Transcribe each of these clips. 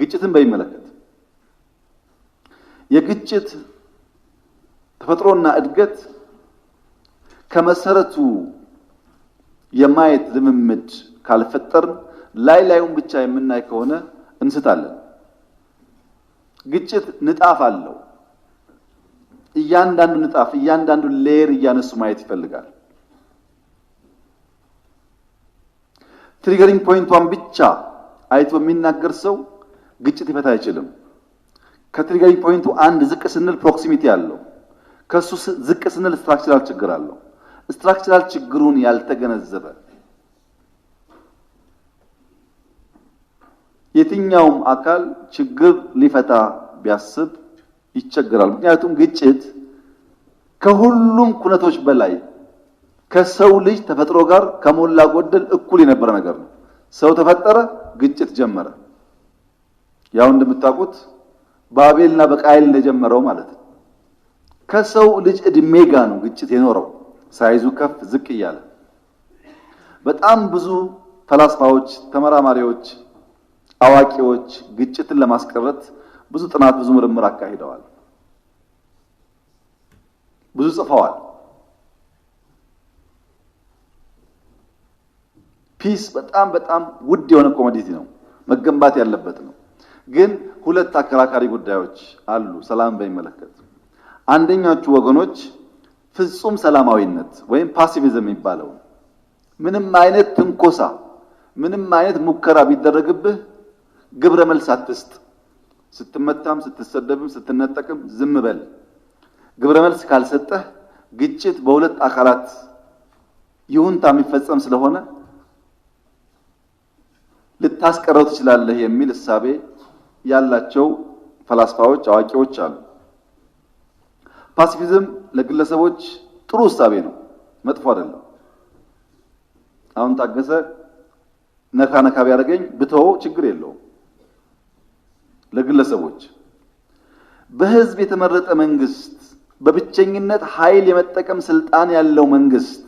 ግጭትን በሚመለከት የግጭት ተፈጥሮና እድገት ከመሰረቱ የማየት ልምምድ ካልፈጠርን ላይ ላዩን ብቻ የምናይ ከሆነ እንስታለን። ግጭት ንጣፍ አለው። እያንዳንዱ ንጣፍ፣ እያንዳንዱ ሌየር እያነሱ ማየት ይፈልጋል። ትሪገሪንግ ፖይንቷን ብቻ አይቶ የሚናገር ሰው ግጭት ሊፈታ አይችልም። ከትሪገሪንግ ፖይንቱ አንድ ዝቅ ስንል ፕሮክሲሚቲ አለው። ከሱ ዝቅ ስንል ስትራክቸራል ችግር አለው። ስትራክቸራል ችግሩን ያልተገነዘበ የትኛውም አካል ችግር ሊፈታ ቢያስብ ይቸገራል። ምክንያቱም ግጭት ከሁሉም ኩነቶች በላይ ከሰው ልጅ ተፈጥሮ ጋር ከሞላ ጎደል እኩል የነበረ ነገር ነው። ሰው ተፈጠረ፣ ግጭት ጀመረ። ያው እንደምታውቁት በአቤልና በቃይል እንደጀመረው ማለት ነው። ከሰው ልጅ እድሜ ጋ ነው ግጭት የኖረው ሳይዙ ከፍ ዝቅ እያለ በጣም ብዙ ፈላስፋዎች፣ ተመራማሪዎች፣ አዋቂዎች ግጭትን ለማስቀረት ብዙ ጥናት፣ ብዙ ምርምር አካሂደዋል። ብዙ ጽፈዋል። ፒስ በጣም በጣም ውድ የሆነ ኮሞዲቲ ነው፣ መገንባት ያለበት ነው። ግን ሁለት አከራካሪ ጉዳዮች አሉ ሰላም በሚመለከት። አንደኛዎቹ ወገኖች ፍጹም ሰላማዊነት ወይም ፓሲቪዝም የሚባለው ምንም አይነት ትንኮሳ፣ ምንም አይነት ሙከራ ቢደረግብህ ግብረ መልስ አትስጥ፣ ስትመታም፣ ስትሰደብም፣ ስትነጠቅም ዝም በል። ግብረ መልስ ካልሰጠህ ግጭት በሁለት አካላት ይሁንታ የሚፈጸም ስለሆነ ልታስቀረው ትችላለህ የሚል እሳቤ ያላቸው ፈላስፋዎች፣ አዋቂዎች አሉ። ፓሲፊዝም ለግለሰቦች ጥሩ እሳቤ ነው፣ መጥፎ አይደለም። አሁን ታገሰ ነካ ነካ ቢያደርገኝ ብተወው ችግር የለውም። ለግለሰቦች በህዝብ የተመረጠ መንግስት፣ በብቸኝነት ኃይል የመጠቀም ስልጣን ያለው መንግስት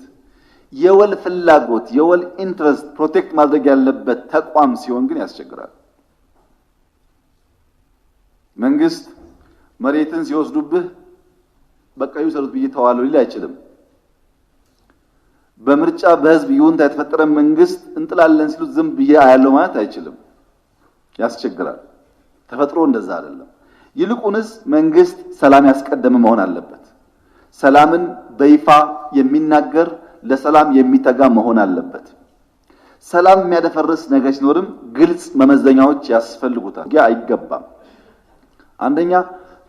የወል ፍላጎት የወል ኢንትረስት ፕሮቴክት ማድረግ ያለበት ተቋም ሲሆን ግን ያስቸግራል። መንግስት መሬትን ሲወስዱብህ በቃ ይውሰዱት ብዬ ተዋለሁ ሊል አይችልም። በምርጫ በህዝብ ይሁንታ የተፈጠረ መንግስት እንጥላለን ሲሉት ዝም ብዬ አያለው ማለት አይችልም። ያስቸግራል። ተፈጥሮ እንደዛ አይደለም። ይልቁንስ መንግስት ሰላም ያስቀደመ መሆን አለበት። ሰላምን በይፋ የሚናገር ለሰላም የሚተጋ መሆን አለበት። ሰላም የሚያደፈርስ ነገር ሲኖርም ግልጽ መመዘኛዎች ያስፈልጉታል። ያ አይገባም። አንደኛ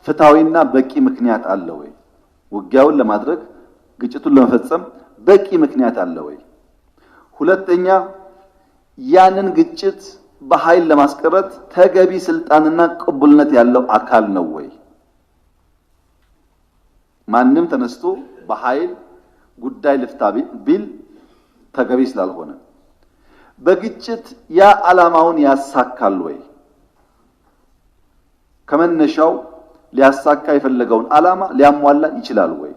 ፍትሐዊና በቂ ምክንያት አለ ወይ? ውጊያውን ለማድረግ ግጭቱን ለመፈጸም በቂ ምክንያት አለ ወይ? ሁለተኛ ያንን ግጭት በኃይል ለማስቀረት ተገቢ ስልጣንና ቅቡልነት ያለው አካል ነው ወይ? ማንም ተነስቶ በኃይል ጉዳይ ልፍታ ቢል ተገቢ ስላልሆነ በግጭት ያ ዓላማውን ያሳካል ወይ? ከመነሻው ሊያሳካ የፈለገውን ዓላማ ሊያሟላ ይችላል ወይ?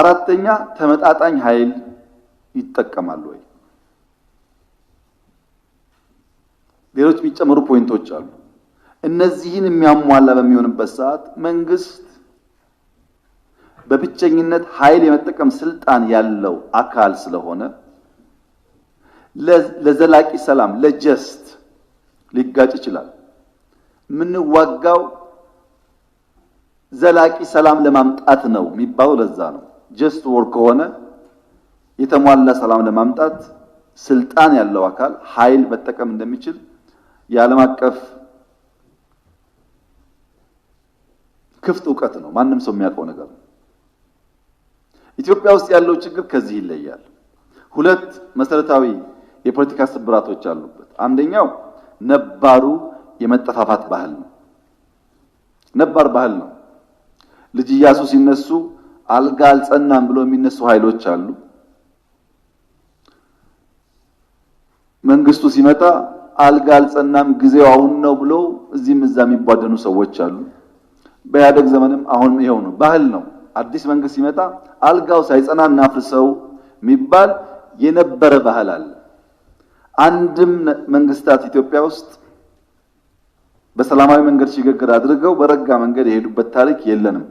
አራተኛ ተመጣጣኝ ኃይል ይጠቀማል ወይ? ሌሎች የሚጨምሩ ፖይንቶች አሉ። እነዚህን የሚያሟላ በሚሆንበት ሰዓት መንግስት በብቸኝነት ኃይል የመጠቀም ስልጣን ያለው አካል ስለሆነ ለዘላቂ ሰላም ለጀስት ሊጋጭ ይችላል። የምንዋጋው ዘላቂ ሰላም ለማምጣት ነው የሚባለው። ለዛ ነው ጀስት ወር ከሆነ የተሟላ ሰላም ለማምጣት ስልጣን ያለው አካል ኃይል መጠቀም እንደሚችል የዓለም አቀፍ ክፍት እውቀት ነው። ማንም ሰው የሚያውቀው ነገር ነው። ኢትዮጵያ ውስጥ ያለው ችግር ከዚህ ይለያል። ሁለት መሰረታዊ የፖለቲካ ስብራቶች አሉበት። አንደኛው ነባሩ የመጠፋፋት ባህል ነው፣ ነባር ባህል ነው። ልጅ ኢያሱ ሲነሱ አልጋ አልጸናም ብሎ የሚነሱ ኃይሎች አሉ። መንግስቱ ሲመጣ አልጋ አልጸናም ጊዜው አሁን ነው ብሎ እዚህም እዛ የሚቧደኑ ሰዎች አሉ። በኢህአደግ ዘመንም አሁን ይኸው ነው፣ ባህል ነው። አዲስ መንግስት ሲመጣ አልጋው ሳይጸና እናፍርሰው የሚባል የነበረ ባህል አለ። አንድም መንግስታት ኢትዮጵያ ውስጥ በሰላማዊ መንገድ ሽግግር አድርገው በረጋ መንገድ የሄዱበት ታሪክ የለንም።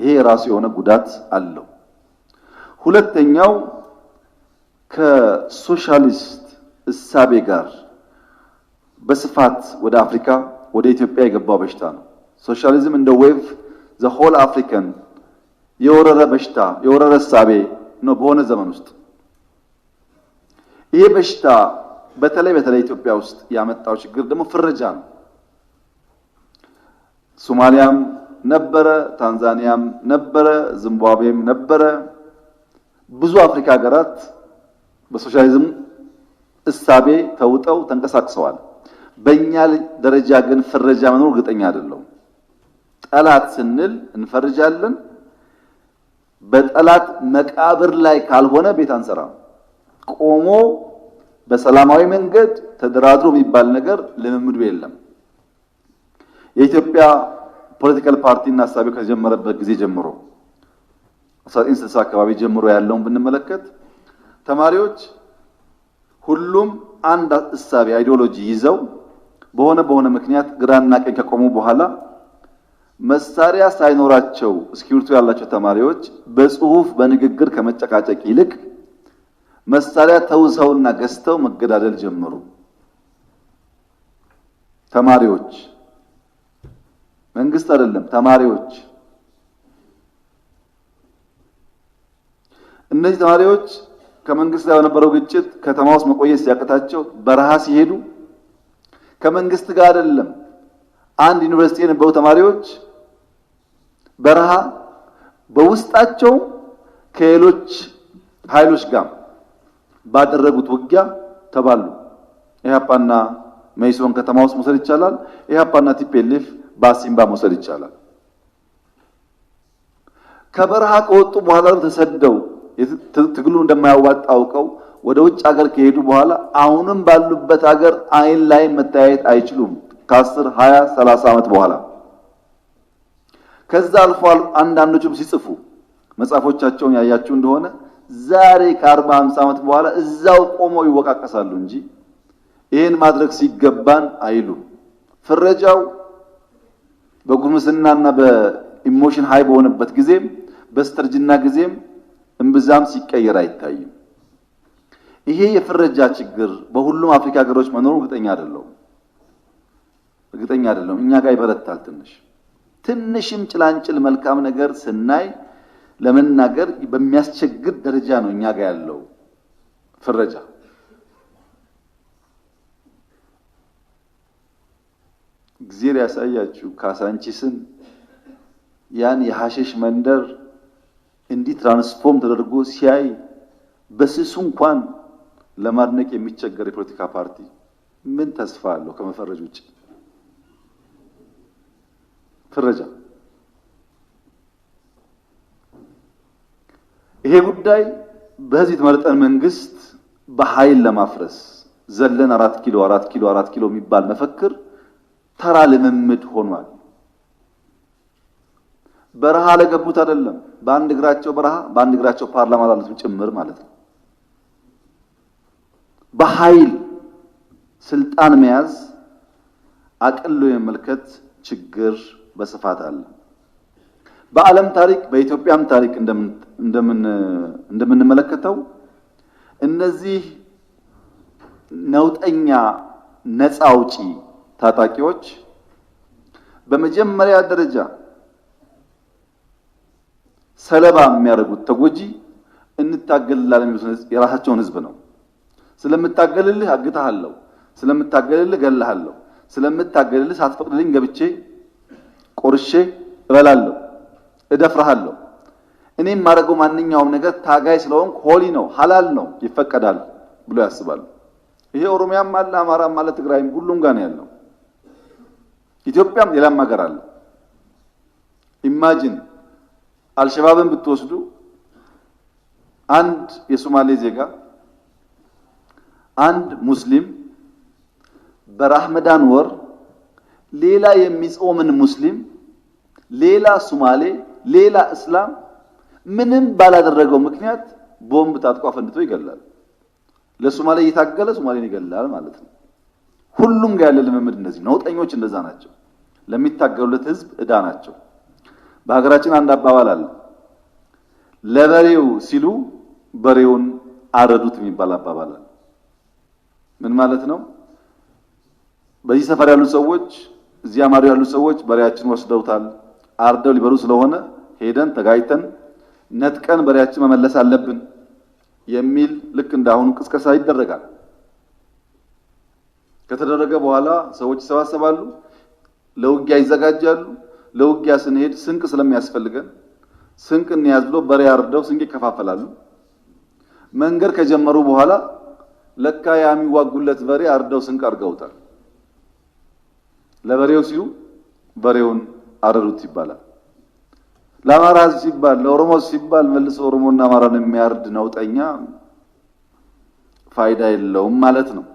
ይሄ የራሱ የሆነ ጉዳት አለው። ሁለተኛው ከሶሻሊስት እሳቤ ጋር በስፋት ወደ አፍሪካ ወደ ኢትዮጵያ የገባው በሽታ ነው። ሶሻሊዝም እንደ ዌቭ ዘ ሆል አፍሪካን የወረረ በሽታ የወረረ እሳቤ ነው በሆነ ዘመን ውስጥ ይሄ በሽታ በተለይ በተለይ ኢትዮጵያ ውስጥ ያመጣው ችግር ደግሞ ፍረጃ ነው። ሶማሊያም ነበረ፣ ታንዛኒያም ነበረ፣ ዚምባብዌም ነበረ። ብዙ አፍሪካ ሀገራት በሶሻሊዝም እሳቤ ተውጠው ተንቀሳቅሰዋል። በእኛ ደረጃ ግን ፍረጃ መኖር እርግጠኛ አይደለም። ጠላት ስንል እንፈርጃለን። በጠላት መቃብር ላይ ካልሆነ ቤት አንሰራም። ቆሞ በሰላማዊ መንገድ ተደራድሮ የሚባል ነገር ልምምዱ የለም። የኢትዮጵያ ፖለቲካል ፓርቲና እሳቤ ከተጀመረበት ጊዜ ጀምሮ 1960 አካባቢ ጀምሮ ያለውን ብንመለከት ተማሪዎች ሁሉም አንድ እሳቤ አይዲዮሎጂ ይዘው በሆነ በሆነ ምክንያት ግራና ቀኝ ከቆሙ በኋላ መሳሪያ ሳይኖራቸው እስክሪብቶ ያላቸው ተማሪዎች በጽሁፍ በንግግር ከመጨቃጨቅ ይልቅ መሳሪያ ተውሰውና ገዝተው መገዳደል ጀመሩ። ተማሪዎች መንግስት አይደለም፣ ተማሪዎች እነዚህ ተማሪዎች ከመንግስት ጋር በነበረው ግጭት ከተማ ውስጥ መቆየት ሲያቅታቸው በረሃ ሲሄዱ ከመንግስት ጋር አይደለም። አንድ ዩኒቨርሲቲ የነበሩ ተማሪዎች በረሃ በውስጣቸው ከሌሎች ኃይሎች ጋር ባደረጉት ውጊያ ተባሉ። ኢህአፓና መይሶን ከተማ ውስጥ መውሰድ ይቻላል። ኢህአፓና ቲፒኤልኤፍ ባሲምባ መውሰድ ይቻላል። ከበረሃ ከወጡ በኋላ ተሰደው ትግሉ እንደማያዋጣ አውቀው ወደ ውጭ ሀገር ከሄዱ በኋላ አሁንም ባሉበት ሀገር አይን ላይ መታየት አይችሉም። ከአስር ሀያ ሰላሳ ዓመት በኋላ ከዛ አልፎ አንዳንዶቹም ሲጽፉ መጽሐፎቻቸውን ያያችሁ እንደሆነ ዛሬ ከአርባ ሃምሳ ዓመት በኋላ እዛው ቆመው ይወቃቀሳሉ እንጂ ይህን ማድረግ ሲገባን አይሉም። ፍረጃው በጉርምስናና በኢሞሽን ሀይ በሆነበት ጊዜም በስተርጅና ጊዜም እምብዛም ሲቀየር አይታይም። ይሄ የፍረጃ ችግር በሁሉም አፍሪካ ሀገሮች መኖሩ እርግጠኛ አይደለሁም እርግጠኛ አይደለሁም። እኛ ጋር ይበረታል። ትንሽ ትንሽም ጭላንጭል መልካም ነገር ስናይ ለመናገር በሚያስቸግር ደረጃ ነው እኛ ጋር ያለው ፍረጃ። እግዜር ያሳያችሁ ካሳንቺስን ያን የሐሸሽ መንደር እንዲህ ትራንስፎርም ተደርጎ ሲያይ በስሱ እንኳን ለማድነቅ የሚቸገር የፖለቲካ ፓርቲ ምን ተስፋ አለው? ከመፈረጅ ውጭ ፍረጃ። ይሄ ጉዳይ በዚህ የተመረጠን መንግስት በኃይል ለማፍረስ ዘለን አራት ኪሎ አራት ኪሎ አራት ኪሎ የሚባል መፈክር ተራ ልምምድ ሆኗል። በረሃ ለገቡት አይደለም፣ በአንድ እግራቸው በረሃ በአንድ እግራቸው ፓርላማ ላሉትም ጭምር ማለት ነው። በኃይል ስልጣን መያዝ አቅሎ የመመልከት ችግር በስፋት አለ። በዓለም ታሪክ በኢትዮጵያም ታሪክ እንደምንመለከተው እነዚህ ነውጠኛ ነፃ አውጪ ታጣቂዎች በመጀመሪያ ደረጃ ሰለባ የሚያደርጉት ተጎጂ እንታገልላለን የሚሉት የራሳቸውን ህዝብ ነው። ስለምታገልልህ አግታሃለሁ፣ ስለምታገልልህ ገላሃለሁ፣ ስለምታገልልህ ሳትፈቅድልኝ ገብቼ ቆርሼ እበላለሁ፣ እደፍርሃለሁ። እኔም ማድረገው ማንኛውም ነገር ታጋይ ስለሆን ሆሊ ነው፣ ሀላል ነው፣ ይፈቀዳል ብሎ ያስባሉ። ይሄ ኦሮሚያም አለ፣ አማራም አለ፣ ትግራይም ሁሉም ጋር ነው ያለው። ኢትዮጵያም ሌላም ሀገር አለ። ኢማጂን አልሸባብን ብትወስዱ አንድ የሶማሌ ዜጋ አንድ ሙስሊም በራህመዳን ወር ሌላ የሚጾምን ሙስሊም ሌላ ሶማሌ ሌላ እስላም ምንም ባላደረገው ምክንያት ቦምብ ታጥቆ አፈንድቶ ይገላል። ለሶማሌ እየታገለ ሶማሌን ይገላል ማለት ነው። ሁሉም ጋር ያለ ልምምድ እንደዚህ ነውጠኞች እንደዛ ናቸው። ለሚታገሉለት ህዝብ እዳ ናቸው። በሀገራችን አንድ አባባል አለ። ለበሬው ሲሉ በሬውን አረዱት የሚባል አባባል አለ። ምን ማለት ነው? በዚህ ሰፈር ያሉ ሰዎች፣ እዚህ አማሪ ያሉ ሰዎች በሬያችን ወስደውታል፣ አርደው ሊበሉ ስለሆነ ሄደን ተጋይተን ነጥቀን በሬያችን መመለስ አለብን የሚል ልክ እንዳሁኑ ቅስቀሳ ይደረጋል። ከተደረገ በኋላ ሰዎች ይሰባሰባሉ። ለውጊያ ይዘጋጃሉ። ለውጊያ ስንሄድ ስንቅ ስለሚያስፈልገን ስንቅ እንያዝ ብሎ በሬ አርደው ስንቅ ይከፋፈላሉ። መንገድ ከጀመሩ በኋላ ለካ ያ የሚዋጉለት በሬ አርደው ስንቅ አድርገውታል። ለበሬው ሲሉ በሬውን አረዱት ይባላል። ለአማራ ሕዝብ ሲባል ለኦሮሞ ሲባል መልሶ ኦሮሞና አማራን የሚያርድ ነውጠኛ ፋይዳ የለውም ማለት ነው።